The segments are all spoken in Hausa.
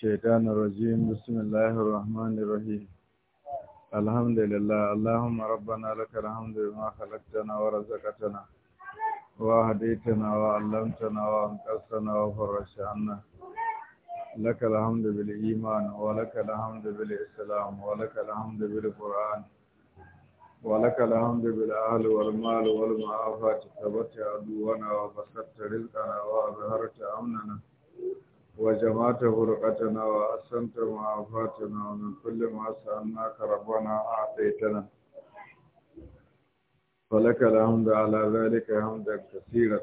الشيطان الرجيم بسم الله الرحمن الرحيم الحمد لله اللهم ربنا لك الحمد بما خلقتنا ورزقتنا وهديتنا وعلمتنا وانقذتنا وفرجت عنا لك الحمد بالإيمان ولك الحمد بالإسلام ولك الحمد بالقرآن ولك الحمد بالأهل والمال والمعافاة ثبت عدونا وبسطت رزقنا وأظهرت أمننا وجمعت فرقتنا وأحسنت معافاتنا ومن كل ما سألناك ربنا أعطيتنا فلك الحمد على ذلك حمدا كثيرا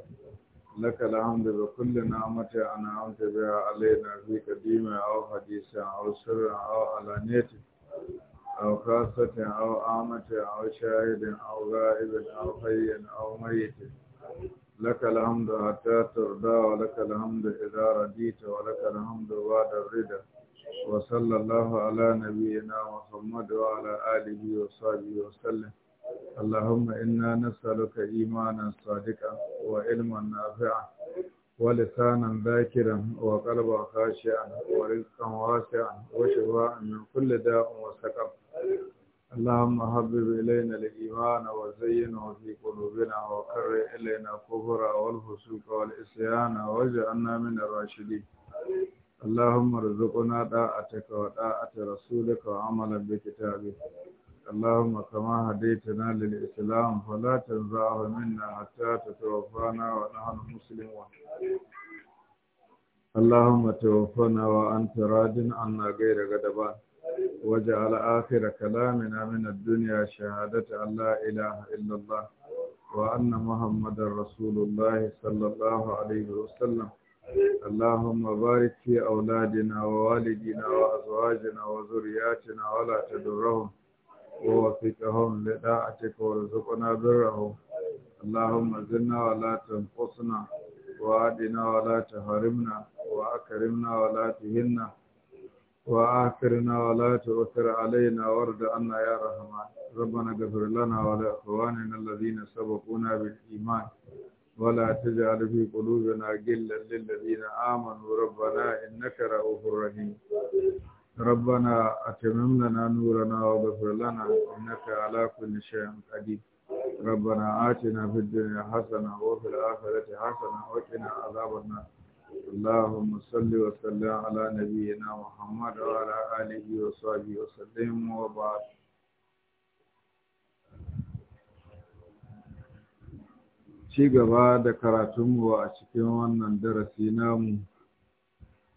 لك الحمد بكل نعمة أنعمت بها علينا في قديمة أو حديثة أو سر أو علانية أو خاصة أو عامة أو شاهد أو غائب أو حي أو ميت لك الحمد حتى ترضى ولك الحمد إذا رديت ولك الحمد بعد الرضا وصلى الله على نبينا محمد وعلى آله وصحبه وسلم اللهم إنا نسألك إيمانا صادقا وعلما نافعا ولسانا ذاكرا وقلبا خاشعا ورزقا واسعا وشفاء من كل داء وسقم اللهم حبب إلينا الإيمان وزينه في قلوبنا وكره إلينا الكفر والفسوق والعصيان واجعلنا من الراشدين اللهم ارزقنا طاعتك وطاعة رسولك وعملا بكتابك اللهم كما هديتنا للإسلام فلا تنزعه منا حتى تتوفانا ونحن مسلمون اللهم توفنا وأنت راض عنا غير غضبان واجعل آخر كلامنا من الدنيا شهادة أن لا إله إلا الله وأن محمد رسول الله صلى الله عليه وسلم اللهم بارك في أولادنا ووالدنا وأزواجنا وذرياتنا ولا تدرهم ووفقهم لداعتك وارزقنا برهم اللهم زلنا ولا تنقصنا وعدنا ولا تهرمنا وأكرمنا ولا تهنا وآخرنا ولا تؤثر علينا ورد أن يا رحمن ربنا اغفر لنا ولإخواننا الذين سبقونا بالإيمان ولا تجعل في قلوبنا غلا للذين آمنوا ربنا إنك رؤوف رحيم ربنا أتمم لنا نورنا واغفر لنا إنك على كل شيء قدير ربنا آتنا في الدنيا حسنة وفي الآخرة حسنة وقنا عذاب النار اللهم صل وسلم على نبينا محمد وعلى اله وصحبه وسلم وبعد ci gaba da karatunmu a cikin wannan darasi namu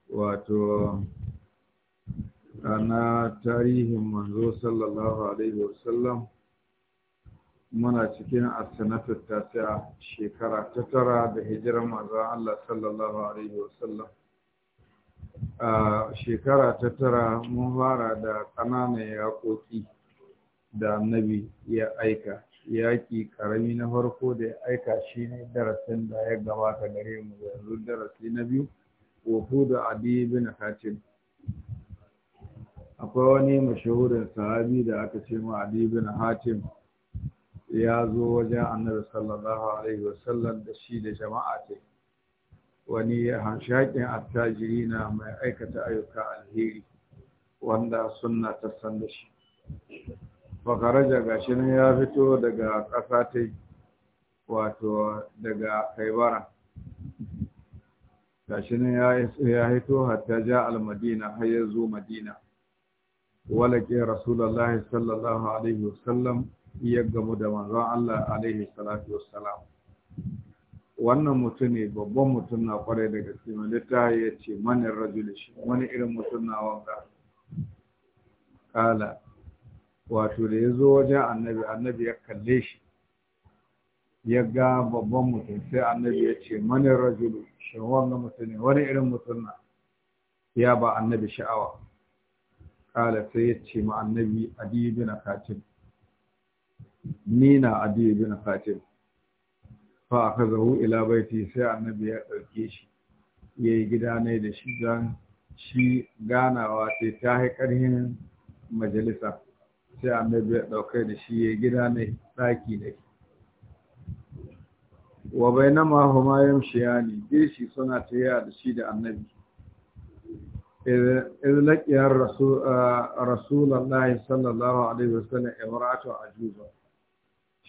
wato na tarihin manzo sallallahu alaihi wasallam muna cikin asanatar tasiya shekara ta tara da hijirar manzon Allah sallallahu alaihi wasallam a shekara ta tara mun fara da ƙananan yaƙoƙi da annabi ya aika yaƙi ƙarami na farko da ya aika shi ne darasin da ya gabata gare mu yanzu darasi na biyu wafu da adi bin hatim akwai wani mashahurin sahabi da aka ce ma adi bin hatim ya zo wajen annabi sallallahu alaihi wasallam da shi da jama'a ce wani hanshakin attajiri na mai aikata ayyuka alheri wanda sunna ta san da shi fakaraja gashi nan ya fito daga ƙasa ta wato daga kaibara gashi nan ya hito hatta ja almadina har ya zo madina walake rasulullahi sallallahu alaihi wasallam ya gabu da manzon Allah alaihi salatu wassalam wannan mutum ne babban mutum na kwarai da gaske malita ya ce manin rajuli shi wani irin mutum na wanga kala wato da ya zo wajen annabi annabi ya kalle shi ya ga babban mutum sai annabi ya ce manin rajuli shi wanga mutum ne wani irin mutum na ya ba annabi sha'awa kala sai ya ce ma annabi adi bin katin ni na adiyu bin hatim fa aka zahu ila baiti sai annabi ya ɗauke shi ya yi gida ne da shi don shi ganawa sai ta yi ƙarhin majalisa sai annabi ya ɗauke da shi ya yi gida ne ɗaki ne wa bai na mahoma ya ne girshi suna ta yi da shi da annabi الله ah, rasulallah sallallahu alaihi وسلم ibratu ajuba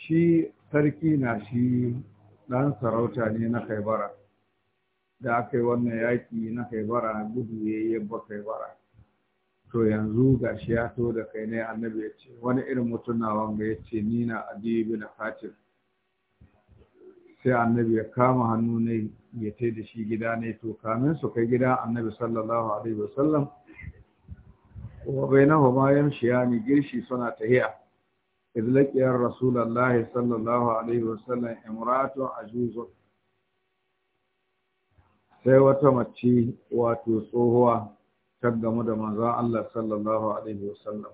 shi sarki na shi ɗan sarauta ne na kaibara da aka yi wannan yaƙi na kaibara gudu ya yi yabba kaibara to yanzu ga shi ya to da kai ne annabi ya ce wani irin mutum na wanga ya ce ni na adiyu bin katin. sai annabi ya kama hannu ne ya tai da shi gida ne to kamin su kai gida annabi sallallahu alaihi wasallam wa bainahuma yamshiyani girshi suna tahiya إذ لقي رسول الله صلى الله عليه وسلم امرأة عجوز sai wata mace wato tsohuwa ta gamu da manzon Allah sallallahu alaihi wasallam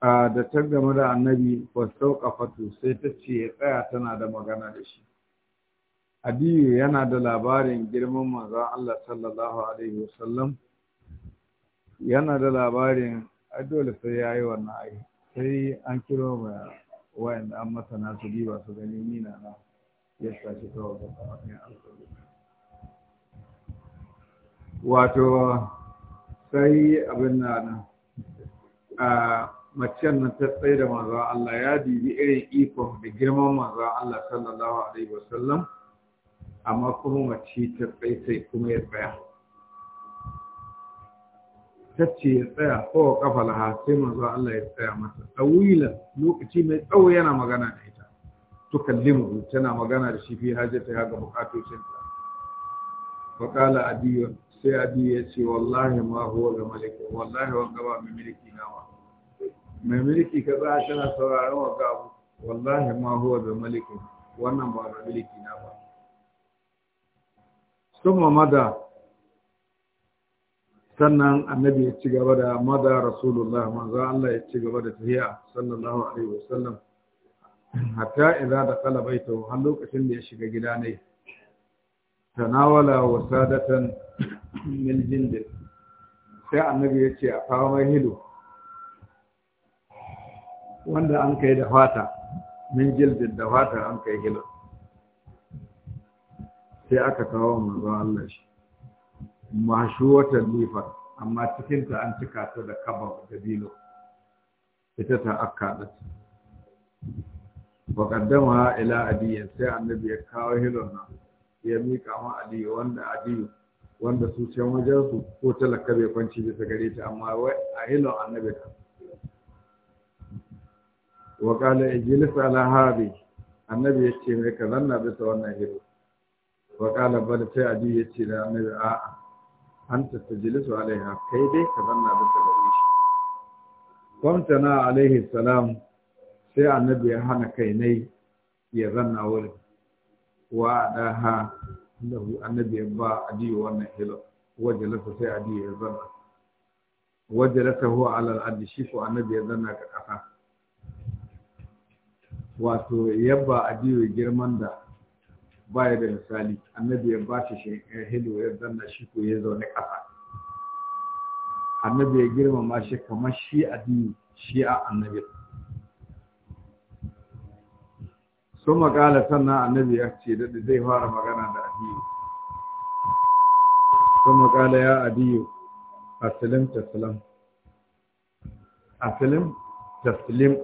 a da ta gamu da annabi fasauka fatu sai ta ce ya tsaya tana da magana da shi Adiyu yana da labarin girman manzon Allah sallallahu alaihi wasallam yana da labarin a dole sai ya yi wannan ai sai an kiro ma wayan an masana su biyu su gani nina na ya sashi kawai ga samakin alƙalin wato sai abin na na, a macen nan ta tsaye da wa Allah ya bibi irin ikon da girman wa Allah sallallahu alaihi wasallam amma kuma mace ta tsaye sai kuma ya tsaya tacce ya tsaya kowa kafa laha sai manzo Allah ya tsaya mata tsawilan lokaci mai tsawo yana magana da ita kallimu tana magana da shi fi hajjata ta ga fa kala adiyo sai adiyo ya ce wallahi ma huwa ga maliki wallahi wa gaba mai miliki nawa mai miliki ka za tana sauraron wa gabu wallahi ma huwa ga maliki wannan ba ga miliki na ba sun mamada sannan annabi ya ci gaba da mada rasulullah manzo Allah ya ci gaba da tafiya sallallahu alaihi wasallam hatta idza dakala baitahu har lokacin da ya shiga gida ne tanawala wasadatan min jindin sai annabi ya ce a fama mai hilo wanda an kai da fata min jildin da fata an kai hilo sai aka kawo manzo Allah shi watan lifar amma cikinta an cika ta da kaba da bilo ita ta da wa qaddama ila adiyin sai annabi ya kawo hilon nan ya mika ma aliyu wanda adiyu wanda su ce wajen su ko talaka bai kwanci bisa gare ta amma wai a hilon annabi ta wa kala ijlis ala habi annabi ya ce mai ka zanna bisa wannan hilo wa kala bal sai adiyu ya ce da annabi a'a an tattajilisu alaiha kai dai ka zanna ta gare shi na alaihi salam sai annabi ya hana kai nai ya zanna wurin wa da hu annabi ya ba adiyo wannan hilo lasa sai adiyo ya zanna Waje wajalasa huwa alal adi shi ko annabi ya zanna ka kasa wato yabba adiyo girman da ba ya da misali annabi ya ba shi hilo ya zanna shi ko ya zaune ƙasa annabi ya girmama shi kamar shi a dini shi a annabi sun makala sannan annabi ya ce daɗi zai fara magana da adiyu sun makala ya adiyu asilim taslim asilim taslim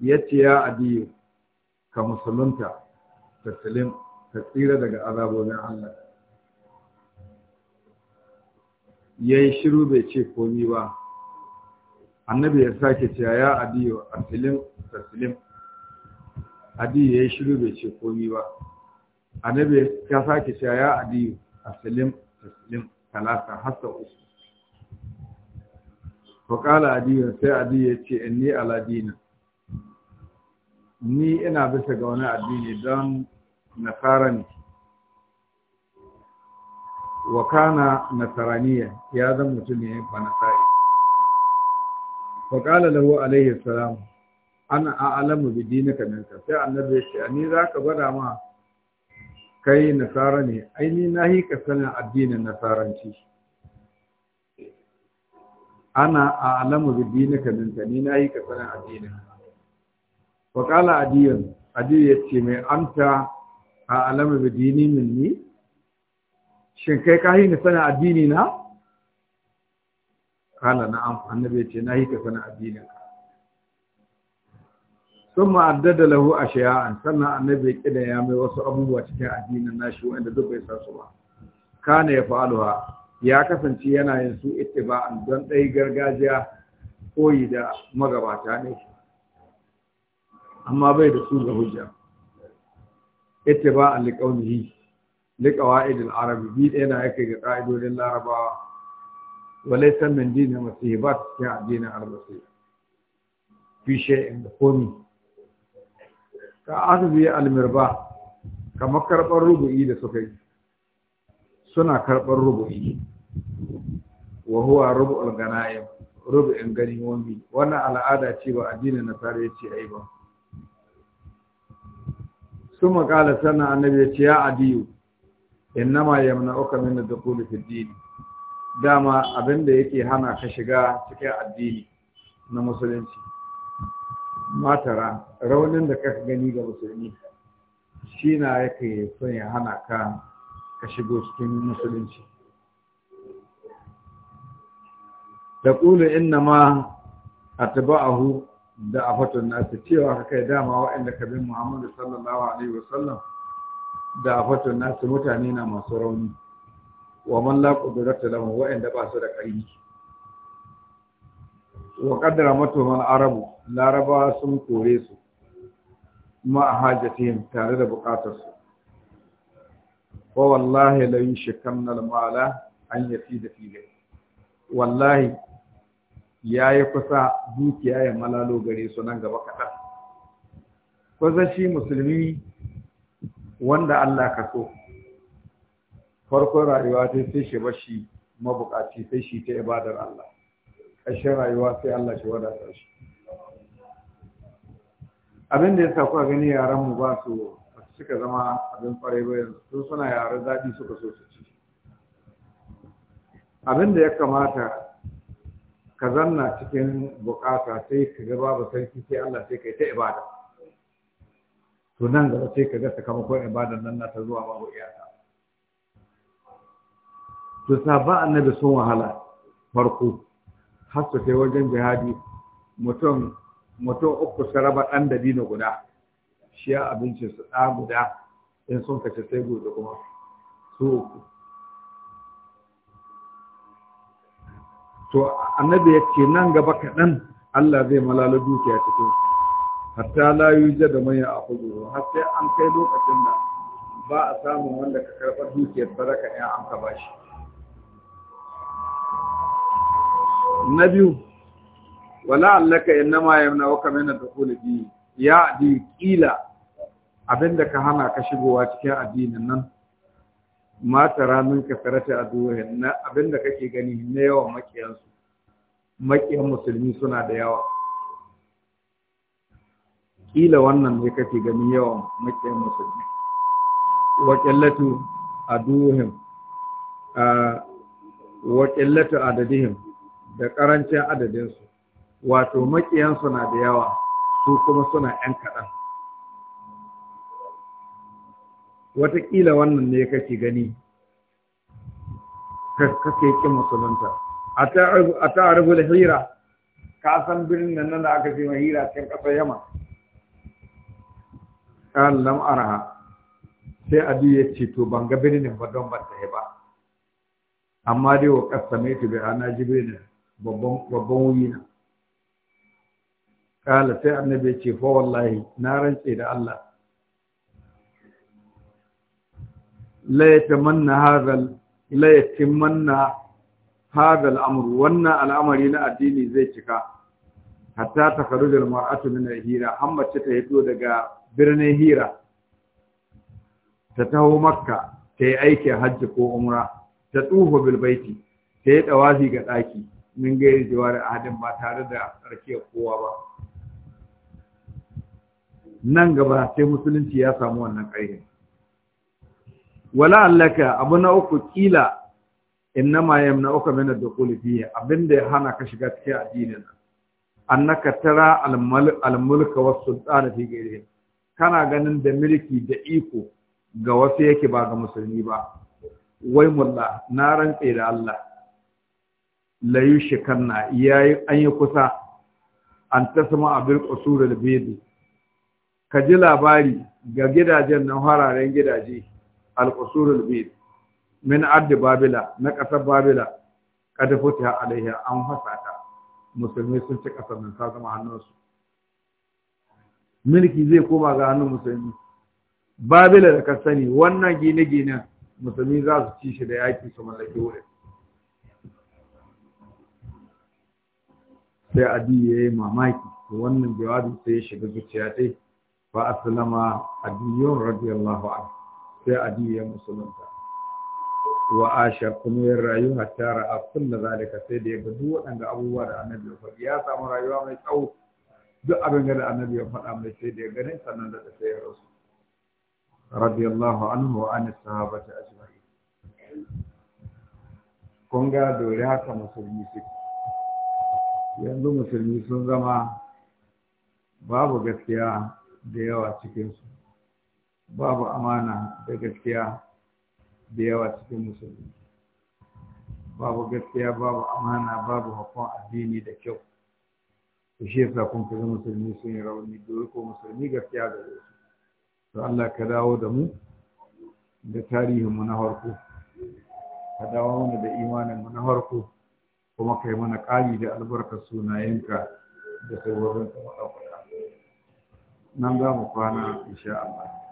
ya ce ya adiyu ka musulunta tattalin ka tsira daga azabonin Allah yayi shiru bai ce komi ba annabi ya sake cewa ya adiyo a aslim taslim adiyo yayi shiru bai ce komi ba annabi ya sake cewa ya adiyo a aslim taslim talata hasa uku faƙala adiyo sai adiyo ya ce inni aladina ni ina bisa ga wani addini don nasara ne wa kana nasaraniya ya zan mutum ne ba nasari fa qala lahu alaihi salam ana a'lamu bi dinika ka sai annabi ya ce ni za ka gwada ma kai nasara ne ai ni nahi ka sanin addinin nasaranci ana a'lamu bi dinika ka ni nahi ka sanin addinin Waƙala adiyan adiyan ya ce mai anta a alama bi dini ni. shin kai ka yi ni sana addini na kala na am annabi ce na yi ka sana addini ka thumma addada lahu ashiya'an sannan annabi kida ya mai wasu abubuwa cikin addinin nashi wanda duk bai san su ba kana ya fa'aluha ya kasance yana yin su ittiba'an don dai gargajiya koyi da magabata ne amma bai da su ga hujja ittiba alqawlihi liqawaid idil arabi. bi ɗaya na yake ga ƙa'idodin larabawa walaysa min dinin masibat cikin addinin al-masih fi in da komi ka azbi al-mirba kamar karɓar rubu'i da suka yi suna karɓar rubu'i wa huwa rubu'ul ganaim rubu'in ganimomi wannan al'ada ce ba addinin nasara ya ce a yi ba sun makala sannan annabi ya ce ya adiyu innama yamna uka min dukhuli fi din dama abin da yake hana ka shiga cikin addini na musulunci matara raunin da kaka gani ga musulmi shi na yake son ya hana ka ka shigo cikin musulunci da ƙulu inna ma a da a na nasu cewa ka kai dama waɗanda ka bin muhammadu sallallahu alaihi wa Sallam, da a afatun nasu mutane na masu rauni wa man la qudrata lahum waɗanda ba su da ƙarfi wa qaddara matuman arabu laraba sun kore su ma hajatihim tare da bukatar su wa wallahi la yushkanna al-mala an da fi wallahi ya yi kusa dukiya ya malalo gare su nan gaba kaɗan kusa shi musulmi wanda Allah ka so farkon rayuwa ta sai shi bashi mabukaci sai shi ta ibadar Allah ƙashin rayuwa sai Allah shi wadata shi abin da ya sa gani yaran mu ba su suka zama abin kwarai ba yanzu sun suna yare zaɓi suka so su ci abin da ya kamata ka zanna cikin bukata sai ka ga babu sarki sai Allah sai kai ta ibada to nan gaba sai ka ga sakamakon ibadan nan na ta zuwa babu iyaka to sabba annabi sun wahala farko har su kai wajen jihadi mutum mutum uku su raba ɗan dina guda shi abincin su ɗa guda in sun kace sai gobe kuma su uku to annabi ya ce nan gaba kaɗan Allah zai malala dukiya cikin hatta la yuja da mai a kudu har sai an kai lokacin da ba a samun wanda ka karɓar dukiyar baraka ya an ka bashi na biyu wala allaka na yamna wa kamina dukhuli bi ya di kila abinda ka hana ka shigowa cikin addinin nan ma tara min a aduwahin na abinda kake gani na yawan makiyansu makiyan musulmi suna da yawa kila wannan ne kake gani yawan makiyan musulmi wa qillatu aduhum wa qillatu adadihim da karancin adadinsu wato makiyansu na da yawa su kuma suna yan kaɗan watakila wannan ne kake gani kake kin musulunta a ta'arifu da hira ka san birnin nan da aka fi mai hira cikin ƙasar yamma kan lam sai adu ya ce to ban ga birnin ba don ba ta ba amma dai wa kasame ta bai ana ji babban babban wuyi na ƙala sai annabi ya ce fa wallahi na rantse da Allah la manna hadhal la wannan al'amari na addini zai cika hatta takharuj al mar'atu min hira amma ta hito daga birnin hira ta taho makka ta yi aikin hajji ko umra ta tsufa bilbaiti ta yi ɗawafi ga ɗaki min gairi jiwar ahadin ba tare da tsarkiyar kowa ba nan gaba sai musulunci ya samu wannan ƙaihin wala allaka abu na uku kila innama uka min ad-dukhul fihi abinda ya hana ka shiga cikin addinin annaka tara al-mulka was sultan fi ghayrihi kana ganin da mulki da iko ga wasu yake ba ga musulmi ba wai mulla na rantse da Allah la yushkanna yayi an yi kusa an tasma abil qusur al-baydi ka ji labari ga gidajen nan hararen gidaje al-qusurul min ard babila na kasar babila kad futiha alaiha an fasata musulmi sun ci kasar nan ta zama hannunsu zai koma ga hannun musulmi babila da ka wannan gine gine musulmi za su ci shi da yaƙi su mallaki wurin sai adi ya yi mamaki wannan jawabin sai ya shiga zuciya dai fa aslama adiyun radiyallahu anhu sai adi ya musulunta wa asha kuma ya rayu a ra'a kullu zalika sai da ya ga duk waɗanda abubuwa da annabi ya faɗi ya samu rayuwa mai tsawo duk abin da annabi ya faɗa mai sai da ya gani sannan da sai ya rasu radiyallahu anhu wa an sahabati ajma'i kun ga dole haka musulmi suke yanzu musulmi sun zama babu gaskiya da yawa cikinsu babu amana da gaskiya da yawa cikin musulmi babu gaskiya babu amana babu hakon addini da kyau da shi yasa kun kaga musulmi sun yi rauni dole ko musulmi gaskiya da su to Allah ka dawo da mu da tarihin mu na harko ka dawo mana da imanin mu na harko kuma kai mana ƙari da albarkar sunayenka da sauran ka nan za mu kwana insha Allah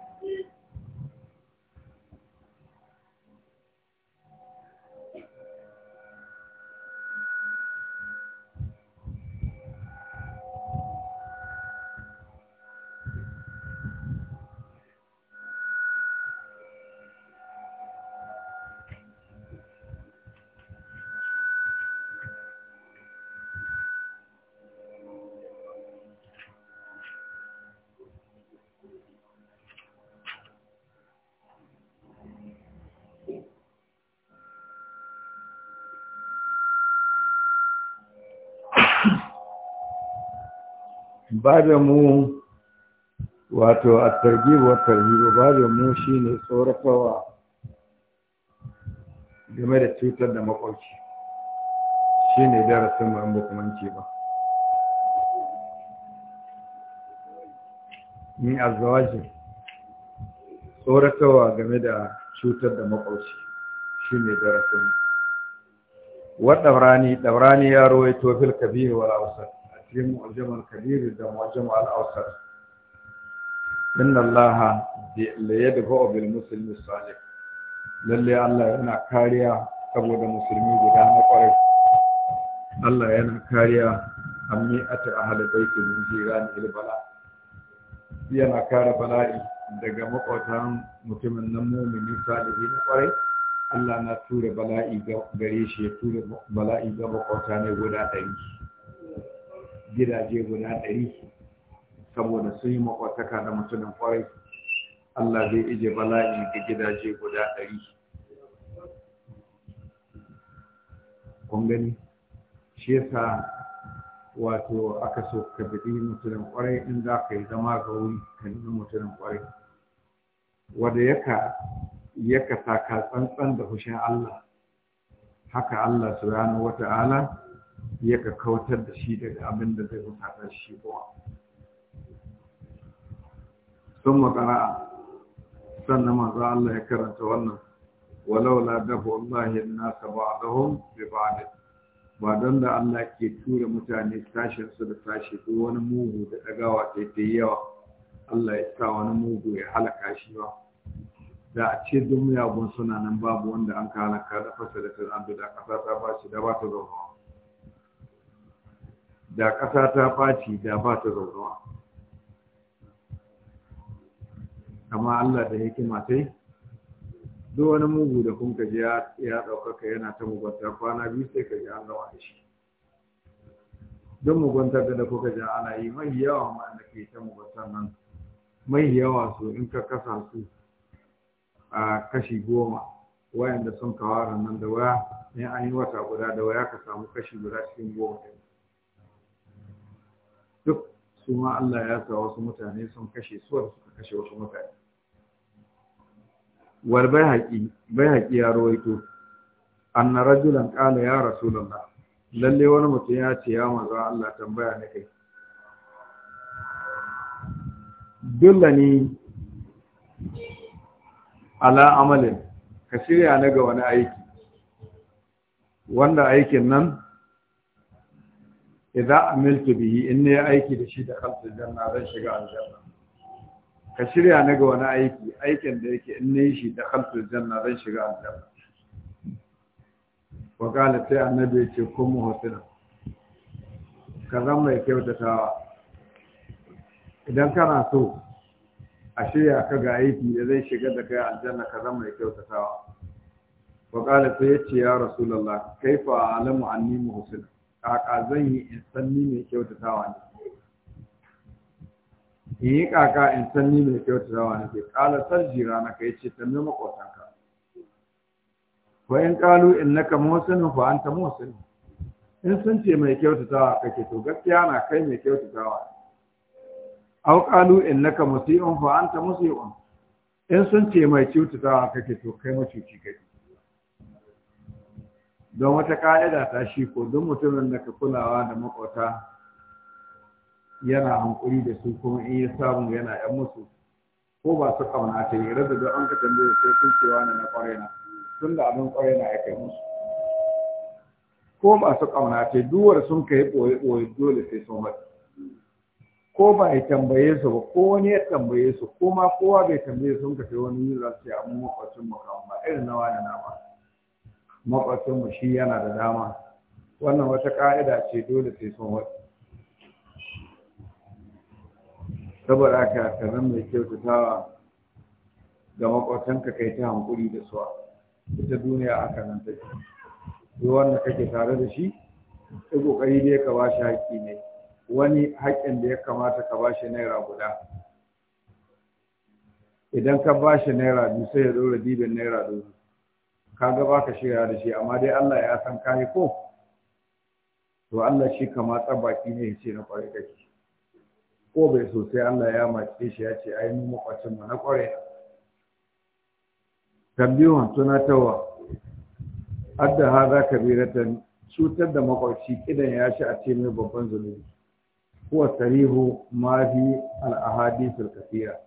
babin mu wato a targibu wa ba babin mu ne tsorafawa game da cutar da makwauci ne darasin mu an bukumanci ba ni azwaji tsorafawa game da cutar da makwauci shine darasin mu wa dabrani dabrani ya tofil kabiru wa la'usar يوم الجمعة الكبير يوم الجمعة الأوسط إن الله ليدفع بالمسلم الصالح للي الله هنا كاريا قبل المسلمين جدانا قريب الله هنا كاريا أمي أتى أهل بيت من جيران إلى بلا يانا كار بلا دغا مقوتان متمن نمو من صالحين قريب الله na tura bala'i ga gare shi ya tura bala'i ga gidaje guda ɗari saboda sun yi makwataka da mutumin kwarai Allah zai ije bala'i ga gidaje guda ɗari kun gani shi yasa wato aka so ka bi mutumin kwarai in za ka yi zama ga wuri ka nemi mutumin kwarai wanda yaka yaka taka tsantsan da hushin Allah haka Allah subhanahu wata'ala ya ka kawatar da shi daga abin da zai hutata shi kuwa sun makara sannan maza Allah ya karanta wannan walaula dafu ya nasa ba a zahon ba'd ba don da Allah ke tura mutane sashen su da tashi ko wani mugu da dagawa ta ta yawa Allah ya sa wani mugu ya halaka shi ba da a ce duk miyagun suna nan babu wanda an ka halaka da fasa da fir'andu da ƙasa ta ba shi da ba ta zama da ƙasa ta ɓaci da ba ta zaunawa amma Allah da hikima ta duk wani mugu da kun kaji ya ɗaukaka yana ta mugunta kwana biyu sai kaji an gawa da shi don mugunta da da kuka ji ana yi mai yawa ma'ana ke ta mugunta nan mai yawa su in ka kasa su a kashi goma wayanda sun kawara nan da waya in an yi wata guda da waya ka samu kashi guda cikin goma ɗin duk su ma Allah ya sa wasu mutane sun kashe su suka kashe wasu mutane wal bai haƙi ya rawaito anna rajulan qala ya rasulullah lalle wani mutum ya ce ya manzo Allah tambaya ne kai dullani ala amalin ka shirya na ga wani aiki wanda aikin nan idza amiltu bihi in ne aiki da shi da kalta janna zan shiga aljanna ka shirya ne ga wani aiki aikin da yake in ne shi da kalta janna zan shiga aljanna wa qala sai annabi ya ce kun hotuna ka zan mai kyautatawa idan kana so a shirya ka ga aiki da zai shiga da kai aljanna ka zan mai kyautatawa wa qala sai ya ce ya rasulullah kaifa alamu anni muhsina kaka zan yi in san ni mai kyautatawa ne in yi kaka in san ni mai kyautatawa ne ke kala jira na kai ce ta mai ka fa in kalu innaka muhsinu an ta motsin? in sun ce mai kyautatawa kake to gaskiya na kai mai kyautatawa Au aw qalu innaka musii'un fa anta musii'un in sun ce mai kyautatawa kake to kai macuci kake don wata ka'ida ta shi ko don mutumin da ka kulawa da makwata yana hankuri da su kuma in ya samu yana yan musu ko ba su kauna ta yi rada da an ka tambaye sai kun cewa ne na kwarai na tun da abin kwarai na aka yi musu ko ba su kauna ta yi duwar sun ka yi ɓoye dole sai sun mata ko ba ya tambaye su ba ko wani ya tambaye su ko ma kowa bai tambaye sun ka sai wani yi za su ce amma makwacin ba irin na wani na ba makwabcinmu shi yana da dama wannan wata ƙa'ida ce dole sai sun wata saboda aka ka zan mai kyautatawa ga ka kai ta hankuri da suwa ita duniya aka nan take duk wanda kake tare da shi ta kokari dai ka ba shi haƙƙi ne wani haƙƙin da ya kamata ka ba shi naira guda idan ka ba shi naira biyu sai ya dora dibin naira dubu Ka kaga ka shirya da shi amma dai Allah ya san kai ko to Allah shi kama tsabaki ne ya ce na ka kake ko bai so sai Allah ya mace shi ya ce ai mu makwacin mu na kwarai tambiyon tawa adda za haza kabiratan cutar da makwarci kidan ya shi a ce mai babban zunubi huwa sarihu ma fi al ahadithul kathira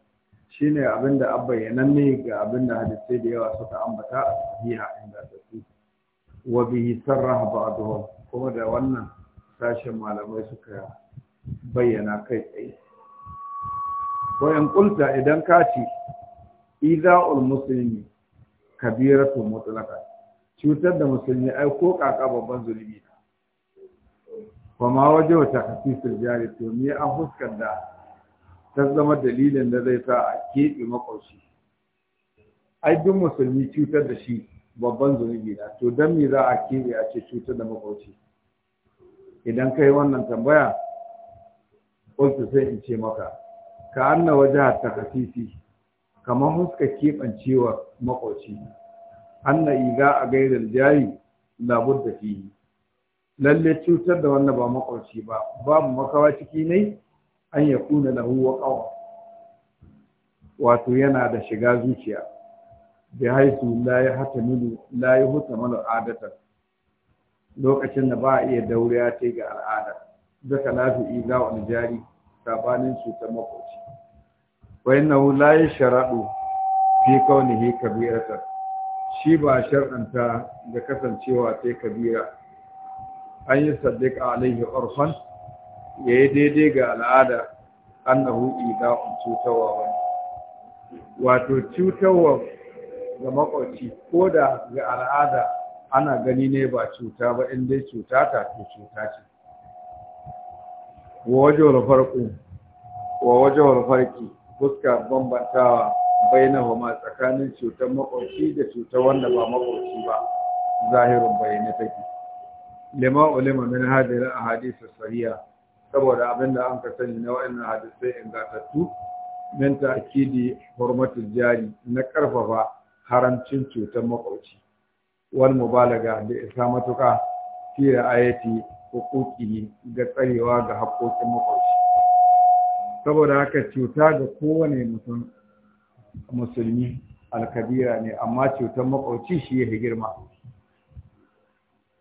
shine abinda da bayyana ne ga abinda da hadisai da yawa suka ambata a sahiha inda da su wa bihi sarraha ba'dhum kuma da wannan sashen malamai suka bayyana kai tsaye Ko in kulta idan ka idza ul muslimi kabiratu mutlaqa cutar da musulmi ai ko kaka babban zulmi ne kuma waje wata kafisul jari to me an fuskar da ta zama dalilin da zai sa a keɓe makwauci ai duk musulmi cutar da shi babban zunubi na to don me za a keɓe a ce cutar da makwauci idan kai wannan tambaya ƙultu sai in ce maka ka anna waje ta kasisi kamar huska keɓancewa makwauci anna iga a gairar jari labur da fiye lalle cutar da wannan ba makwauci ba babu makawa ciki ne an ya kuna da huwa kawo wato yana da shiga zuciya bi haisu la ya hata milu la ya huta mana adatar lokacin da ba a iya daure ya ce ga al'ada duka lafi'i ga wani jari sabanin cutar makoci wa innahu la ya sharadu fi kaunihi kabiratar shi ba shar'anta da kasancewa sai kabira an yi a alaihi urfan ya yi daidai ga al'ada annahu un cutarwa wani wato cutarwa ga makwabci ko da ga al'ada ana gani ne ba cuta ba in dai cuta ta to cuta ce wa wajewar farko wa wajewar farki fuska bambantawa bainahuma tsakanin cutar makwabci da cutar wanda ba makwabci ba zahirin bayyana take lima ulima min hadhihi ahadith as-sahiha saboda abin da an ka sani na wa'annan hadisai ingantattu min ta'kidi hurmatul jari na karfafa haramcin cutar makwauci wal mubalaga da isa matuka fi ra'ayati huquqihi ga tsarewa ga haƙoƙin makwauci saboda haka cuta ga kowane mutum musulmi alkabira ne amma cutar makwauci shi ya girma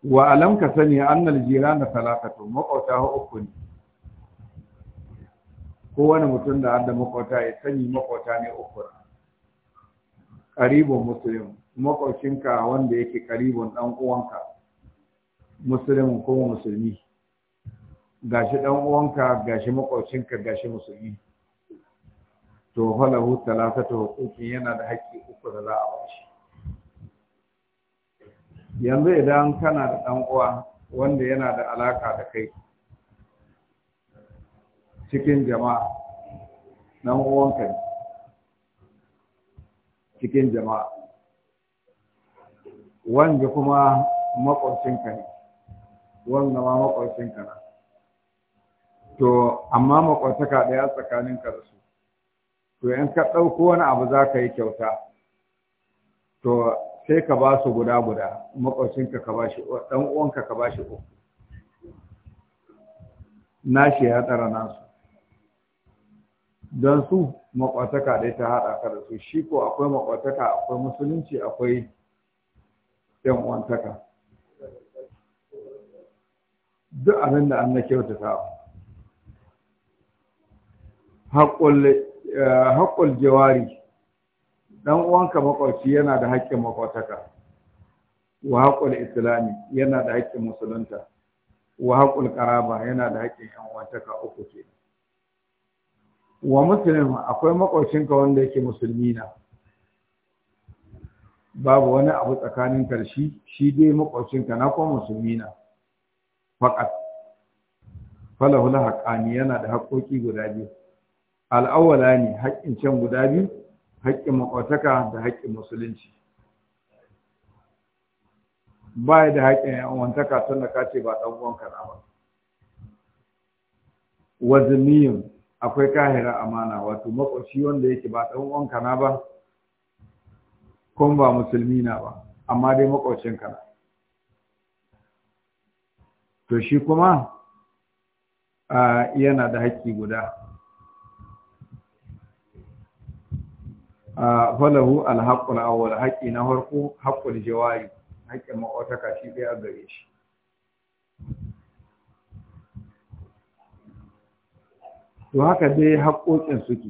wa alam ka sani annal jirana salatatu makwauta uku ne kowane mutum da adda makwata ya sani makwata ne uku karibun musulun makwacinka wanda yake karibin dan uwanka musulmin ko musulmi gashi dan uwanka gashi makwacinka gashi musulmi to falahu talatatu hukukin yana da haƙƙi uku da za a bashi yanzu idan kana da dan uwa wanda yana da alaka da kai cikin jama'a dan uwanka cikin jama'a wanda kuma makwabcinka ne wanda ma makwabcinka na to amma makwabtaka daya tsakaninka da su to in ka ɗauko wani abu za ka yi kyauta to sai ka ba su guda guda makwabcinka ka ba shi ɗan uwanka ka ba shi uku shi ya tsara nasu don su makwataka dai ta haɗa ka da su shi ko akwai makwataka akwai musulunci akwai yan uwantaka duk abin da an na kyautata eh, haƙƙul jawari dan uwanka makwaci yana da haƙƙin makwataka wa haƙƙul islami yana da haƙƙin musulunta wa haƙƙul ƙaraba yana da haƙƙin yan uwantaka uku kenan wa musulmin akwai makwacinka wanda yake musulmi na babu wani abu tsakanin karshi shi dai makocinka na kuma musulmi na faqat falahu haqqani yana da haƙoƙi guda biyu al'awwala ne haƙƙin can guda biyu haƙƙin makotaka da haƙƙin musulunci ba da haƙƙin yan'uwantaka tun da ka ce ba ɗan uwanka na ba wa akwai kahira amana wato makoci wanda yake ba ɗan uwanka na ba kuma ba musulmi na ba amma dai ka na to shi kuma yana da haƙƙi guda a falahu alhaƙul awwal haƙƙi na farko haƙƙul jawari haƙƙin makwataka shi ɗaya a gare shi to haka dai haƙoƙin suke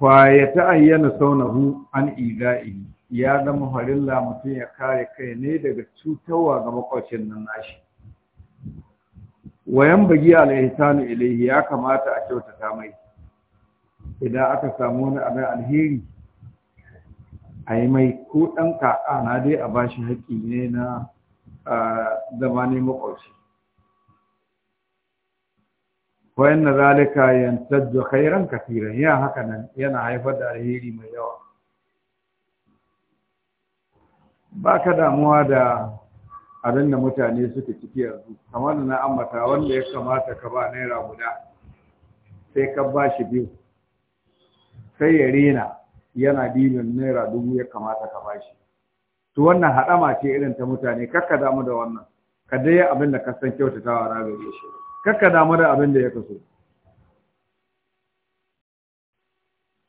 fa ya ta'ayyana saunahu an ida'i ya zama harilla mutum ya kare kai ne daga cutarwa ga makwacin nan nashi wayan bagi alaihisanu ilaihi ya kamata a kyautata mai idan aka samu wani abin alheri a yi mai ko ɗan ka'a na dai a bashi haƙƙi ne na zama ne makwacin wayan na zalika yantajju khairan katiran ya haka nan yana haifar da alheri mai yawa ba ka damuwa da abin da mutane suke ciki yanzu kamar na ambata wanda ya kamata ka ba naira guda sai ka ba shi biyu sai ya rena yana dinin naira dubu ya kamata ka ba shi to wannan haɗama ce irin ta mutane kakka damu da wannan ka dai abin da ka san kyautatawa na gare shi kakka damu da abin da ya kaso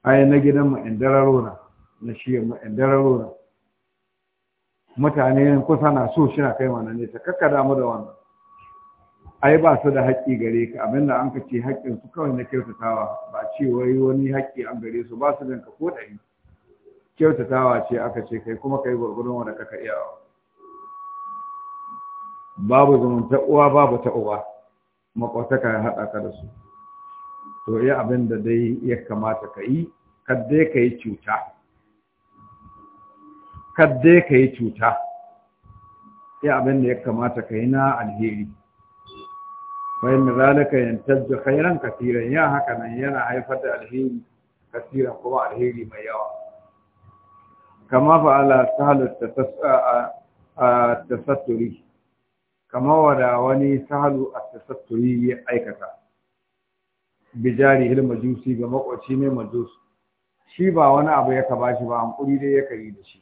ai na gidan mu na shi mu in mutane kusa na so shi na kai mana nesa kakka damu da wannan ai ba su da haƙƙi gare ka abin da an ka ce haƙƙin su kawai na kyautatawa ba ce wai wani haƙƙi an gare su ba su da ka ko ɗari kyautatawa ce aka ce kai kuma kai gurgurun wanda kaka iya babu zumunta uwa babu ta uwa makwataka ya haɗa ka da su to yi abin da dai ya kamata ka yi kadde ka yi cuta kadde ka yi cuta yi abin da ya kamata ka yi na alheri bayan da zalika yantajja khairan katiran. ya haka nan yana haifar da alheri Katiran kuma alheri mai yawa kama fa'ala sahalar tasatturi kamar wada wani sahalu a tasatturi ya aikata bijari hil majusi ga makwaci ne majusi shi ba wani abu ya ka bashi ba hankuri dai ya kari da shi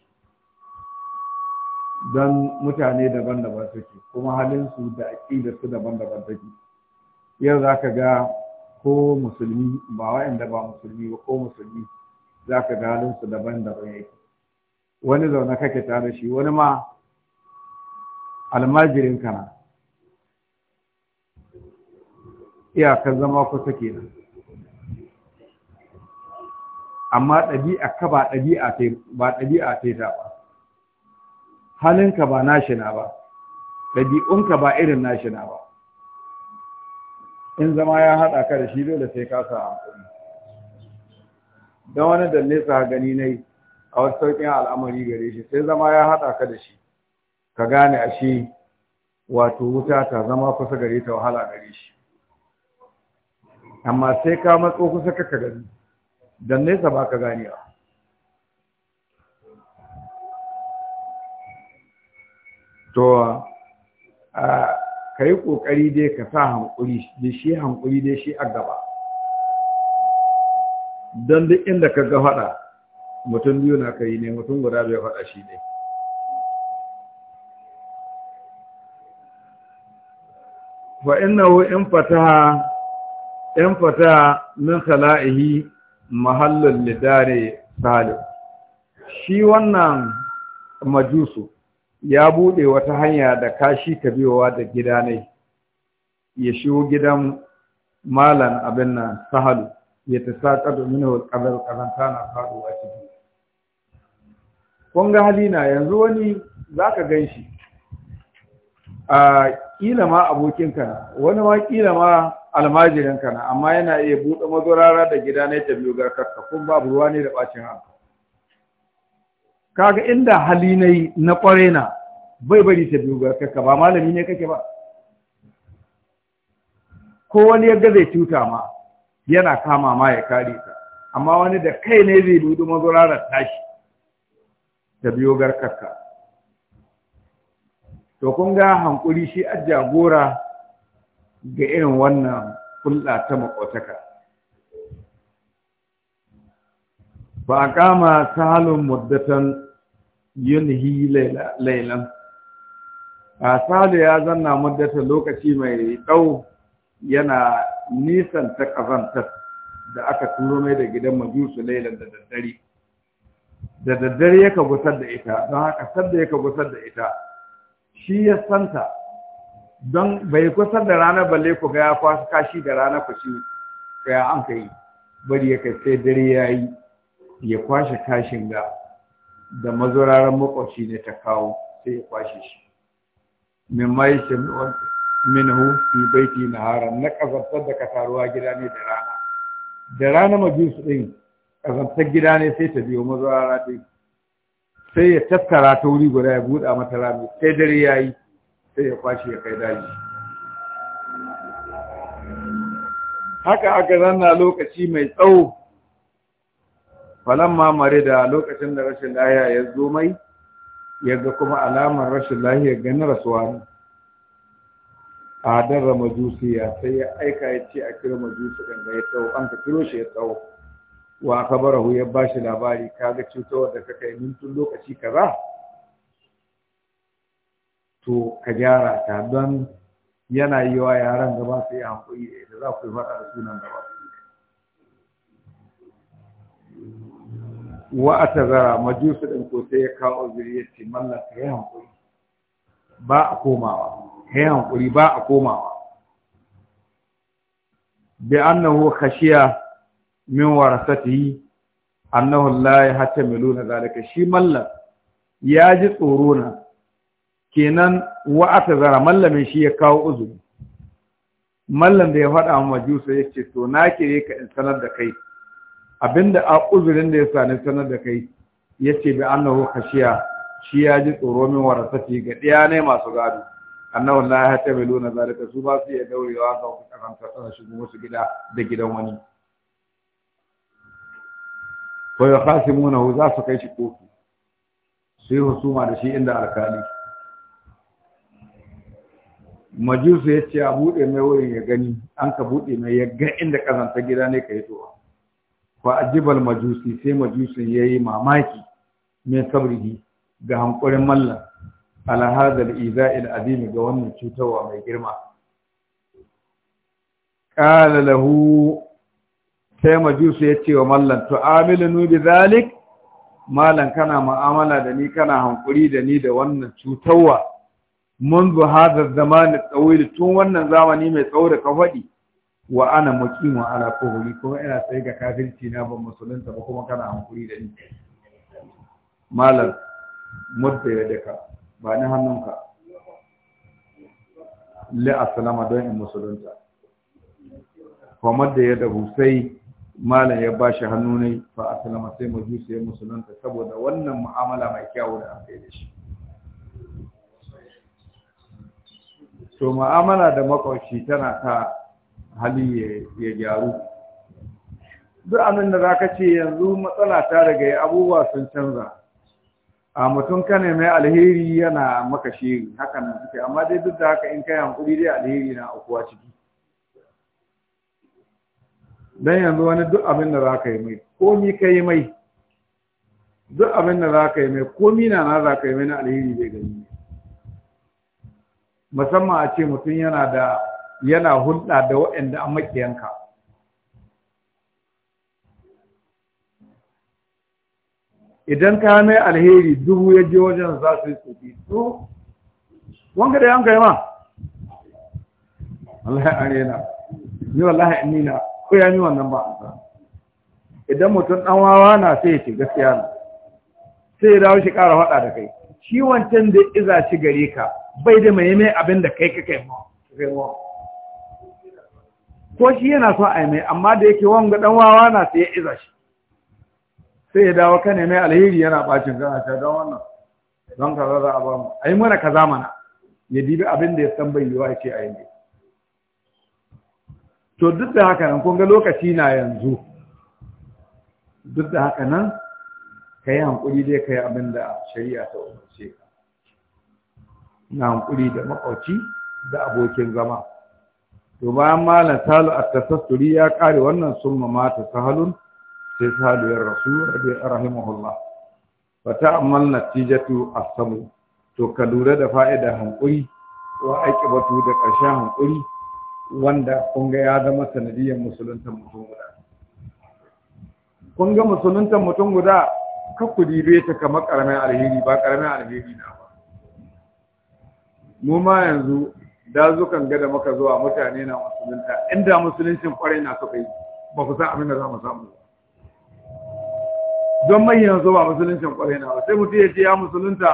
don mutane daban-daban suke kuma halinsu da su daban-daban take yau za ka ga ko musulmi ba wa'anda ba musulmi ba ko musulmi za ka ga halinsu daban-daban yake wani zaune kake tare da shi wani ma almajirin kana iyakar zama kusa kenan amma ɗabi'a ka ba ɗabi'a ta ba ɗabi'a ta ta ba halinka ba nashina na ba ɗabi'unka ba irin nashina na ba in zama ya haɗa ka da shi dole sai ka sa hankali don wani da nesa gani na a wasu sauƙin al'amari gare shi sai zama ya haɗa ka da shi ka gane a shi wato wuta ta zama kusa gare ta wahala gare shi amma sai ka matso kusa ka ka gani don nesa ba ka ba. to ka yi ƙoƙari dai ka sa hankuri da shi hankuri dai shi a gaba don duk inda ka ga faɗa mutum biyu na ka ne mutum guda bai faɗa shi dai fa innahu in fataha in fataha min khala'ihi mahallul shi wannan majusu ya bude wata hanya da kashi kabewa da gida ne ya shigo gidan malan abin nan sahalu ya ta saƙa domin ƙazar ƙazanta na faruwa ciki kun ga halina yanzu wani zaka ka gan ah, kila ma ka na wani ma kila ma almajirinka na amma yana iya buɗe mazurara da gida na ta biyu garkarka kun babu ruwa ne da bacin ranka kaga inda hali na yi na ƙware na bai bari ta biyu garkarka ba malami ne kake ba ko wani ya zai cuta ma yana kama ma ya kare ka amma wani da kai ne zai buɗe mazurara tashi ta garkarka to kun ga hankuri shi a jagora ga irin wannan hulɗa ta makotaka ba a kama sahalun muddatan yunhi lailan a sahalu ya zanna muddatan lokaci mai ɗau yana nisan ta ƙazantar da aka turo mai da gidan majusu lailan da daddare da daddare ya ka gusar da ita don haka sadda ya ka gusar da ita shi ya santa don bai kusa da rana balle ku ga ya kwasa kashi da rana ku shi ya an kai bari ya kai sai dare ya yi ya kwashe kashin ga da mazuraran makwaci ne ta kawo sai ya kwashe shi min mai shami'un minhu fi baiti naharan na kazantar da ka gida ne da rana da rana majusu din kazantar gida ne sai ta biyo mazurara din sai ya tattara ta wuri guda ya buɗa mata rami sai dare ya yi sai ya kwashe ya kai daji haka aka zanna lokaci mai tsawo falon mamari da lokacin da rashin lahiya ya zo mai yadda kuma alamar rashin lahiya ganin rasuwa ne a darra majusiya sai ya aika ya ce a kira majusi ɗan da ya tsawo an ka kiro shi ya tsawo wa akabarahu ya bashi labari kaga cutar da kaka yi mintun lokaci kaza to ka gyara ta don yana yi wa yaran gaba su yi hankuli da za ku yi faɗa da sunan gaba wa a tazara majusu ɗin ko sai ya kawo zuriyarci mallar ka hankuli ba a komawa ka yi hankuli ba a komawa bi annahu khashiya min warasatihi annahu la yahtamiluna zalika shi mallam ya ji tsoro na kenan wa atazara mallamin shi ya kawo uzuri mallam da ya faɗa wa majusa ya ce to na ke ka in sanar da kai abinda a uzurin da ya sani sanar da kai ya ce bi annahu khashiya shi ya ji tsoro min warasati ga ɗaya ne masu gado annahu la yahtamiluna zalika su ba su iya daurewa ga kasanta shigo wasu gida da gidan wani ko ya khasimunahu za su kai shi kotu sai husuma da shi inda alkali majusu ya ce a buɗe mai wurin ya gani an ka buɗe mai ya ga inda kazanta gida ne ka yi towa fa ajibal majusi sai majusin ya yi mamaki mai sabrihi ga hankulin mallan ala hadal iza'il azimi ga wannan cutarwa mai girma قال له sai majusu ya ce wa mallan to amilinu bi zalik Mallan kana ma'amala da ni kana hankuri da ni da wannan cutarwa منذ هذا الزمان الطويل tun wannan zamani mai tsawo da kafadi wa ana muqimu ala kuhuri kuma ina sai ga kafirci na ban musulunta ba kuma kana hankuri da ni Mallan, mudda ya daka ba ni hannunka la aslama don in musulunta kuma da ya dabu sai malam ya ba shi hannu ne fa salama sai majusi ya musulunta saboda wannan mu'amala mai kyawu da aka yi da shi to mu'amala da makwabci tana ta hali ya gyaru duk abin da zaka ce yanzu matsala ta daga abubuwa sun canza a mutum ka mai alheri yana maka shiri haka nan amma dai duk da haka in yi hankuri dai alheri na aukuwa ciki dan yanzu wani duk abin da zaka yi mai komi ka yi mai duk abin da zaka yi mai komi na na zaka yi mai na alheri bai gani musamman a ce mutum yana da yana hulɗa da waɗanda an makiyanka idan ka mai alheri dubu ya je wajen za su yi tsoki to wanga da yanka yi ma Allah ya arena ni wallahi ni na ko ya yi wannan ba a idan mutum ɗan wawa na sai ya ce gaskiya na sai ya dawo shi ƙara faɗa da kai shi wancan da iza shi gare ka bai da mai mai abin da kai kai ma ko shi yana son a yi mai amma da yake wanga ɗan wawa na sai ya iza shi sai ya dawo ka ne mai alheri yana bacin gana ta don wannan don kaza za a ba mu a yi mana kaza mana ya dibi abin da ya san bai yiwa ya ce a yi to duk da haka nan kun ga lokaci na yanzu duk da haka nan ka yi hankuli dai ka yi abin da shari'a ta umarce ka na hankuli da makwauci da abokin zama to bayan malam salu a tasassuri ya kare wannan summa mata sahalun sai sahalu ya rasu rahimahullah fa ta'ammal natijatu a samu to ka lura da fa'ida hankuri wa batu da ƙarshen hankuri wanda kun ga ya zama sanadiyar musuluntan mutum guda kun ga musuluntar mutum guda ka ku dibe ta kama karamin alheri ba karamin alheri na ba mu ma yanzu dazukan ga da muka zuwa mutane na musulunta inda musuluncin kwarai na suka yi ba ku san abin da za mu samu don mai yanzu ba musuluncin kwarai na ba sai mutum ya ce ya musulunta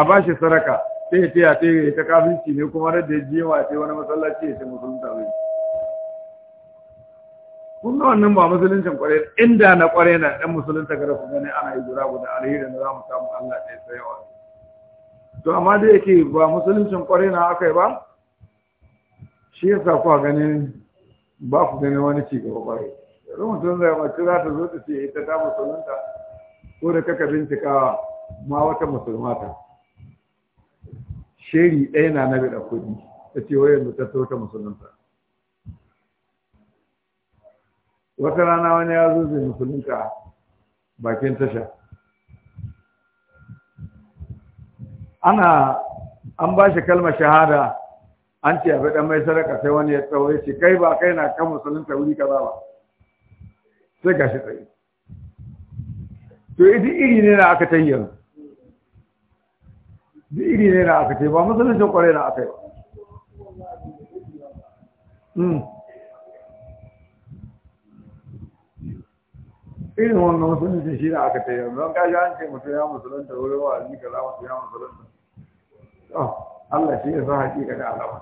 a bashi saraka sai ya taya ta yi ta kafinci ne kuma da da jewa sai wani masallaci ya ce musulunta bai kun ga wannan ba musuluncin kwarai inda na kwarai na ɗan musulunta kada ku ganin ana yi jura guda alhira da za mu samu Allah ɗaya yawa. to amma da yake ba musuluncin kwarai na aka yi ba shi yasa ku ganin ba ku ganin wani ci gaba kwarai yanzu mutum zai mace za ta zo ta ce ita ta musulunta ko da kaka bincikawa ma wata musulmata sheri ɗaya na na da kuɗi ta ce wai da ta sauka musulunta wata rana wani ya zo zai musulunta bakin tasha ana an ba shi kalmar shahada an ce abu dan mai sadaka sai wani ya tsawai ce kai ba kai na kan musulunta wuri ka ba sai gashi tsaye to ita iri ne na aka tayyana duk iri ne na aka ce ba musuluncin kwarai na aka yi ba hmm. irin wannan musulunci shi na aka ta don kashi an ce mutum ya musulunta wurin wa azi kaza mutum ya musulunta Allah shi ya san hakika da alama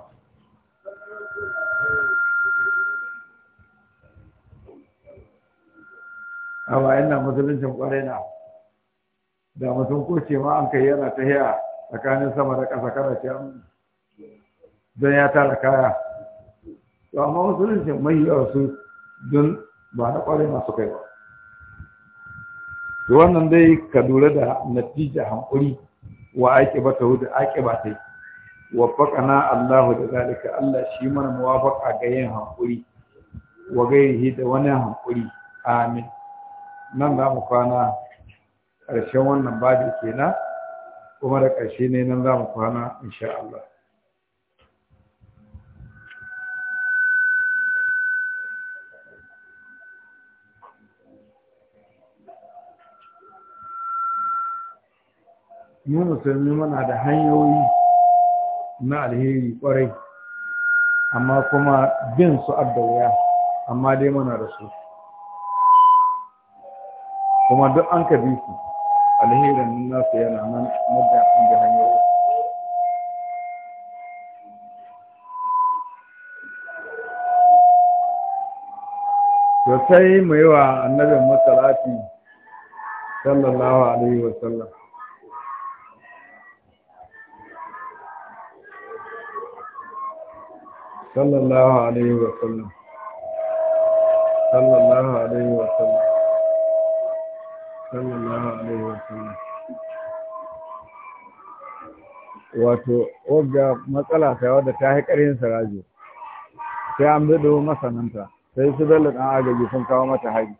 a bayan na musuluncin kwarai na da mutum ko ce ma an kai yana ta hiyar tsakanin sama da ƙasa kada ce don ya tara kaya to amma musulunci mai su don ba na ƙwarai masu kai ba to wannan dai ka lura da natija hankuri wa aiki ba ta hudu aiki ba ta yi na Allah da zalika Allah shi mana muwafaka ga yin hankuri wa gairihi da wani hankuri amin nan za mu kwana ƙarshen wannan babu kenan kuma da ƙarshe ne nan za mu kwana insha Allah mu musulmi muna da hanyoyi na alheri kwarai amma kuma bin su wuya, amma dai muna da su kuma duk an ka bi su alherin nasu yana nan muda da hanyoyi to mu yi wa annabin masalati sallallahu alaihi wasallam sallallahu alaihi wasallam sallallahu alaihi wasallam sallallahu alaihi wasallam wato wagga matsala ta wadda ta yi ƙarfin sarajo sai an bido masananta sai su bello ɗan agaji sun kawo mata hari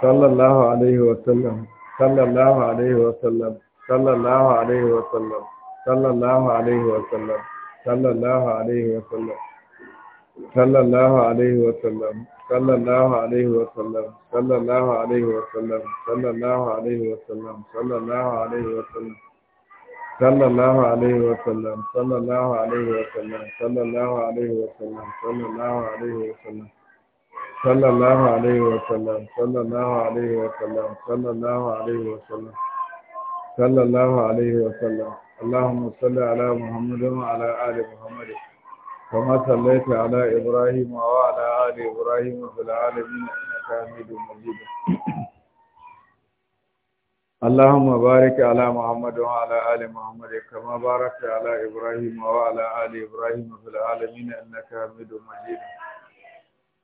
sallallahu alaihi wasallam sallallahu alaihi wasallam sallallahu alaihi wasallam sallallahu alaihi wasallam sallallahu alaihi wasallam sallallahu alaihi wasallam sallallahu alaihi wasallam sallallahu alaihi wasallam sallallahu alaihi wasallam sallallahu alaihi wasallam sallallahu alaihi wasallam sallallahu alaihi wasallam sallallahu alaihi wasallam sallallahu alaihi wasallam sallallahu alaihi wasallam sallallahu alaihi wasallam sallallahu alaihi wasallam sallallahu alaihi wasallam اللهم صل على محمد وعلى ال محمد كما صليت على إبراهيم وعلى آل إبراهيم في العالمين إنك حميد مجيد اللهم بارك على محمد وعلى آل محمد كما باركت على إبراهيم وعلى آل إبراهيم في العالمين إنك حميد مجيد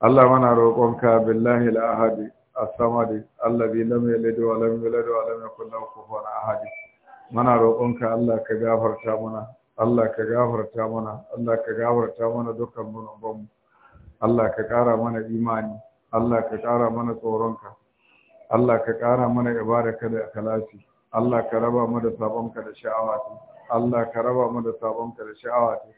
اللهم نروقك بالله الأحد الصمد الذي لم يلد ولم يولد ولم يكن له كفوا أحد muna roƙonka Allah ka gafarta mana Allah ka gafarta mana Allah ka gafarta mana dukkan zunubanmu Allah ka ƙara mana imani Allah ka ƙara mana tsoronka Allah ka ƙara mana ibadarka da kalasi Allah ka raba mu da sabonka da sha'awati Allah ka raba mu da sabonka da sha'awati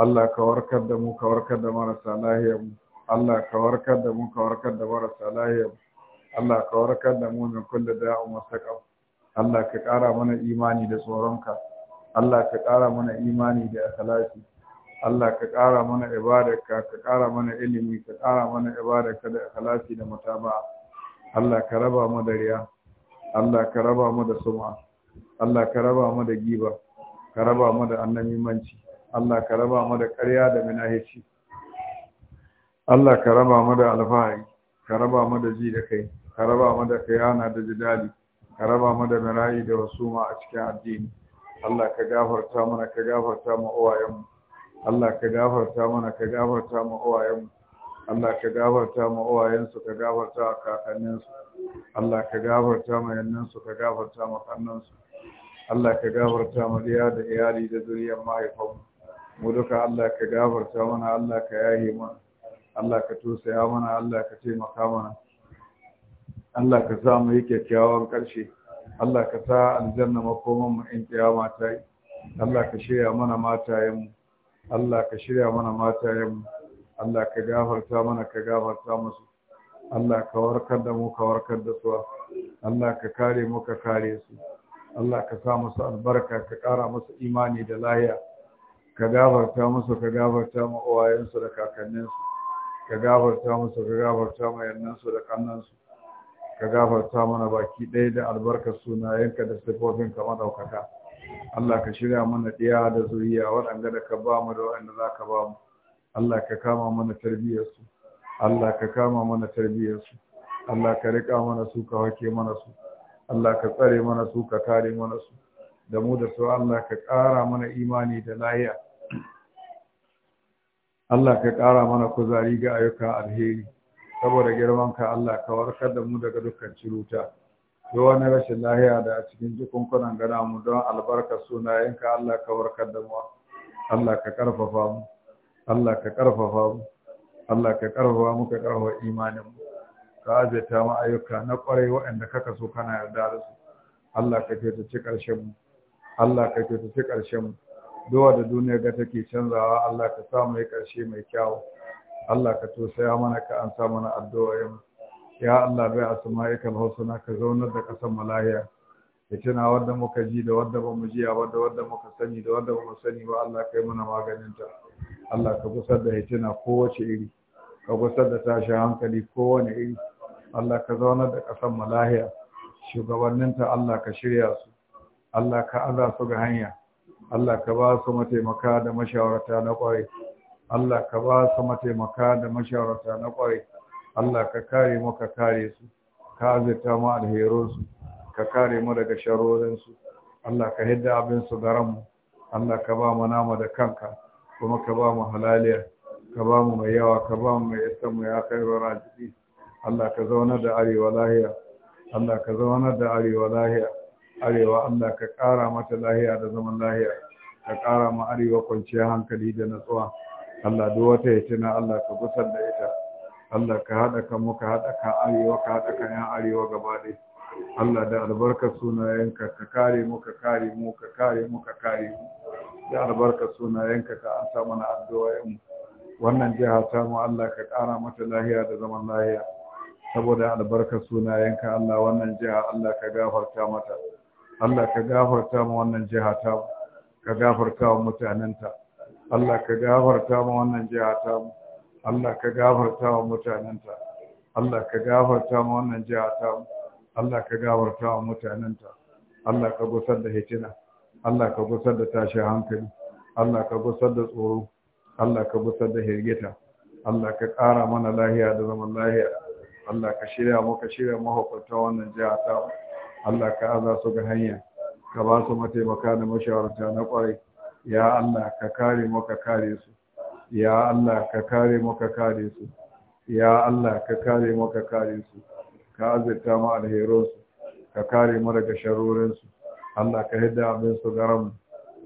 Allah ka warkar da mu ka warkar da marasa lahiyar mu Allah ka warkar da mu ka warkar da marasa lahiyar mu Allah ka warkar da mu min kulli da'in wa saqam Allah ka ƙara mana imani da tsoronka Allah ka ƙara mana imani da akhlaki Allah ka ƙara mana ibadarka ka ƙara mana ilimi ka ƙara mana ibadarka da akhlaki da mutaba'a Allah ka raba mu da riya Allah ka raba mu da sum'a Allah ka raba mu da giba ka raba mu da manci Allah ka raba mu da ƙarya da minahici Allah ka raba mu da alfahari ka raba mu da ji da kai ka raba mu da kayana da jidali ka raba mu da marayi da wasuma a cikin addini Allah ka gafarta mana ka gafarta mu uwayen Allah ka gafarta mana ka gafarta mu uwayen Allah ka gafarta mu uwayen su ka gafarta kakannin su Allah ka gafarta mu yannan su ka gafarta mu kannan su Allah ka gafarta mu diya da iyali da zuriyar mahaifan mu duka Allah ka gafarta mana Allah ka yahi mana Allah ka tosaya mana Allah ka taimaka mana Allah ka sa mu yi kyakkyawan ƙarshe Allah ka sa aljanna makoman mu in kiyama ta yi Allah ka shirya mana matayen Allah ka shirya mana matayen Allah ka gafarta mana ka gafarta musu Allah ka warkar da mu ka warkar da su Allah ka kare mu ka kare su Allah ka sa musu albarka ka ƙara musu imani da lahiya ka gafarta musu ka gafarta ma uwayensu da kakanninsu ka gafarta musu ka gafarta yannan yannansu da kannansu ka gafarta mana baki ɗaya da albarkar sunayenka da sifofin ka madaukaka Allah ka shirya mana ɗiya da zuriya waɗanda da ka ba mu da waɗanda za ka ba mu Allah ka kama mana tarbiyyarsu Allah ka kama mana tarbiyyarsu Allah ka riƙa mana su ka hake mana su Allah ka tsare mana su ka kare mana su da mu da su Allah ka ƙara mana imani da lahiya Allah ka ƙara mana kuzari ga ayyukan alheri saboda girmanka Allah ka warkar da mu daga dukkan ciruta duk wani rashin lahiya da a cikin jikunkunan gana mu don albarka sunayenka Allah ka warkar da mu Allah ka karfafa mu Allah ka karfafa mu Allah ka karfafa mu ka karfafa imanin mu ka azaita mu ayyuka na kwarai waɗanda kaka so kana yarda da su Allah ka ci ƙarshen mu Allah ka ci ƙarshen mu duwa da duniya ga take canzawa Allah ka samu ya ƙarshe mai kyau. Allah ka tosaya mana ka an sa mana addu'o'in ya Allah bai asma'ikal husna ka zaunar da kasan malahiya fitina wadda muka ji da wadda ba mu ji ya wadda wadda muka sani da wadda ba mu sani ba Allah kai mana maganin ta Allah ka gusar da fitina kowace iri ka gusar da tashin hankali kowane iri Allah ka zaunar da kasan malahiya shugabanninta Allah ka shirya su Allah ka aza su ga hanya Allah ka ba su mataimaka da mashawarta na ƙwarai Allah ka ba su mataimaka da masharata na ƙwarai Allah ka kare mu ka kare su ka azurta mu su. ka kare mu daga sharorinsu Allah ka hidda abin su garan mu Allah ka ba mu nama da kanka kuma ka ba mu halaliya ka ba mu mai yawa ka ba mu mai yasa mu ya kai jiki. Allah ka zauna da arewa lahiya Allah ka zauna da arewa lahiya arewa Allah ka ƙara mata lahiya da zaman lahiya ka ƙara ma arewa kwanciyar hankali da natsuwa Allah duk wata ya na Allah ka gusar da ita Allah ka haɗa kan muka haɗa kan arewa ka haɗa kan yan arewa gaba ɗaya Allah da albarkar sunayenka ka kare mu ka kare mu ka kare mu ka kare mu da albarkar sunayenka ka ansa mana mu wannan jiha ta mu Allah ka ƙara mata lahiya da zaman lahiya saboda albarkar sunayenka Allah wannan jiha Allah ka gafarta mata Allah ka gafarta mu wannan jiha ta ka gafarta wa mutanenta Allah ka gafarta ma wannan jiha ta mu Allah ka gafarta wa mutanenta Allah ka gafarta ma wannan jiha ta mu Allah ka gafarta wa mutanenta Allah ka gusar da hitina Allah ka gusar da tashi hankali Allah ka gusar da tsoro Allah ka gusar da hirgita Allah ka ƙara mana lahiya da zaman lahiya Allah ka shirya mu ka shirya mahaukata wannan jiha ta mu. Allah ka aza su ga hanya ka ba su mataimaka da mashawarta na ƙwarai ya Allah ka kare mu ka kare su ya Allah ka kare mu ka kare su ya Allah ka kare mu ka kare su ka azurta mu alheransu ka kare mu daga su Allah ka hidda abin su garam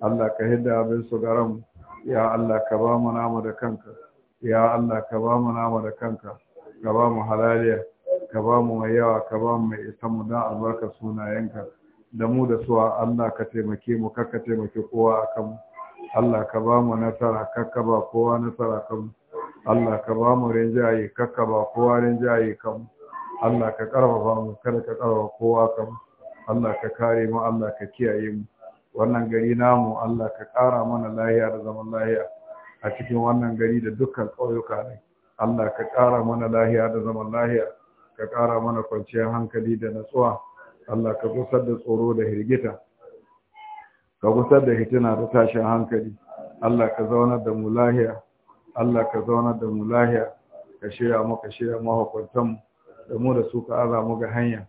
Allah ka hidda abin su garam ya Allah ka ba mu namu da kanka ya Allah ka ba mu namu da kanka ka ba mu halaliya ka ba mu mai yawa ka ba mu mai isa mu don albarka sunayenka da mu da suwa Allah ka taimake mu kar ka taimake kowa akan mu Allah ka ba mu nasara kakka ba kowa nasara kan Allah ka ba mu rinjaye kakka ba kowa rinjaye kan Allah ka karfafa mu kada ka karfafa kowa kan Allah ka kare mu Allah ka kiyaye mu wannan gari namu Allah ka kara mana lahiya da zaman lahiya a cikin wannan gari da dukkan ƙauyuka ne Allah ka kara mana lahiya da zaman lahiya ka kara mana kwanciyar hankali da natsuwa Allah ka gusar da tsoro da hirgita ka gusar da hituna ta tashin hankali Allah ka zaunar da mu lahiya Allah ka zaunar da mu lahiya ka shirya mu ka shirya mahukuntan mu da mu da su ka aza mu ga hanya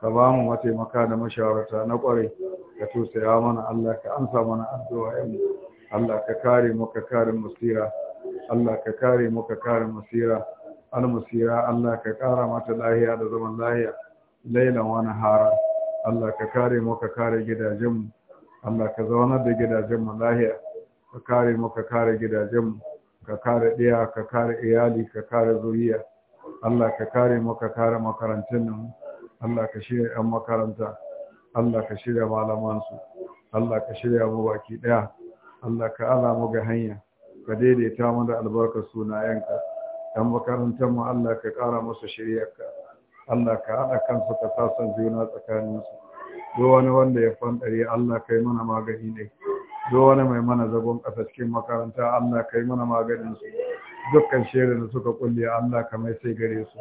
ka ba mu mataimaka da mashawarta na kware ka tosaya mana Allah ka amsa mana addu'a mu Allah ka kare mu ka kare musira Allah ka kare mu ka kare musira musira Allah ka kara mata lahiya da zaman lahiya lailan wani hara Allah ka kare mu ka kare gidajenmu Allah ka zaunar da gidajenmu lahiya ka kare mu ka kare gidajenmu ka kare ɗaya ka kare iyali ka kare zuriya Allah ka kare mu ka kare makarantun nan Allah ka shirya 'yan makaranta Allah ka shirya malamansu Allah ka shirya mu baki ɗaya Allah ka ala mu ga hanya ka daidaita mu da albarkar sunayenka ɗan makarantar mu Allah ka ƙara musu shiryarka Allah ka haɗa kansu ka sasan juna tsakaninsu Dowani wanda ya fanɗare Allah kai mana magani ne Dowani mai mana zagon ƙasa cikin makaranta Allah kai mana maganin su dukkan shere da suka kulle Allah ka mai sai gare su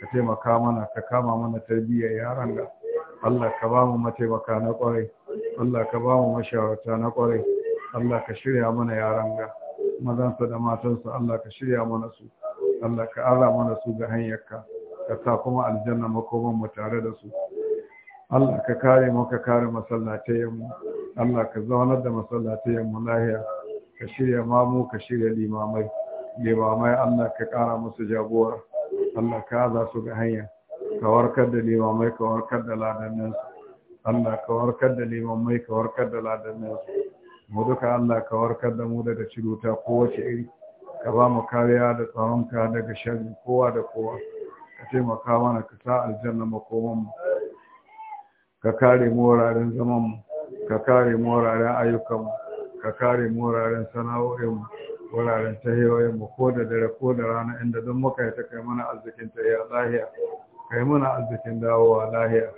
ka taimaka mana ka kama mana tarbiyyar yaran da Allah ka ba mataimaka na kwarai Allah ka ba mu mashawarta na kwarai Allah ka shirya mana yaran ga mazansa da matansa Allah ka shirya mana su Allah ka ara mana su ga hanyarka ka sa kuma aljanna makoman mu tare da su Allah ka kare mu ka kare mu. Allah ka zaunar da masallatayenmu lahiya ka shirya mamu ka shirya limamai limamai Allah ka kara musu jagora Allah ka za su ga hanya ka warkar da limamai ka warkar da ladannin Allah ka warkar da limamai ka warkar da ladannin mu duka Allah ka warkar da mu daga ciruta kowace iri ka ba mu kariya da ka daga sharri kowa da kowa ka taimaka mana ka sa aljanna makomanmu ka kare mu wuraren zaman mu ka kare mu wuraren ayyukan mu ka kare mu wuraren sana'o'in mu wuraren tahiyoyin mu ko da dare ko da rana inda don muka yi ta kai mana arzikin ya lahiya kai mana arzikin dawowa lahiya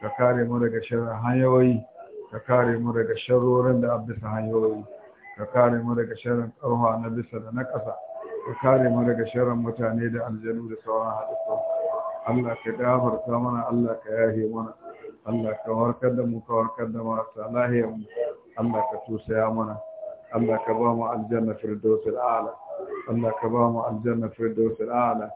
ka kare mu daga shirin hanyoyi ka kare mu daga sharorin da abisa hanyoyi ka kare mu daga shirin ƙarfa na bisa da na ƙasa ka kare mu daga shirin mutane da aljanu da sauran halittu Allah ka dafarta mana Allah ka yahe mana Allah ka warkar da mu ka warkar da marasa lahiyar mu Allah ka tusaya mana Allah ka ba mu aljanna firdaus ala. Allah ka ba mu aljanna firdaus ala.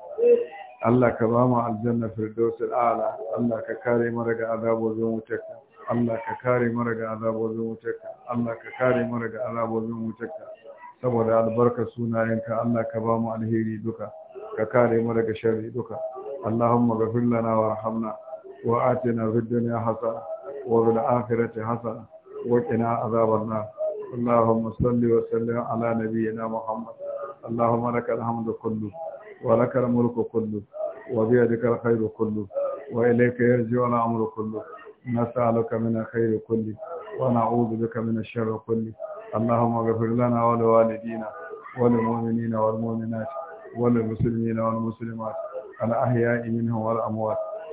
Allah ka ba mu aljanna firdaus ala. Allah ka kare mu daga azabozin wutarka Allah ka kare mu daga azabozin wutarka Allah ka kare mu daga azabozin wutarka saboda albarkar sunayenka Allah ka ba mu alheri duka ka kare mu daga sharri duka اللهم اغفر لنا وارحمنا وآتنا في الدنيا حسنة وفي الآخرة حسنة وقنا عذاب النار اللهم صل وسلم على نبينا محمد اللهم لك الحمد كله ولك الملك كله وبيدك الخير كله وإليك يرجع الأمر كله نسألك من الخير كله ونعوذ بك من الشر كله اللهم اغفر لنا ولوالدينا وللمؤمنين والمؤمنات وللمسلمين والمسلمات الأحياء منهم والأموات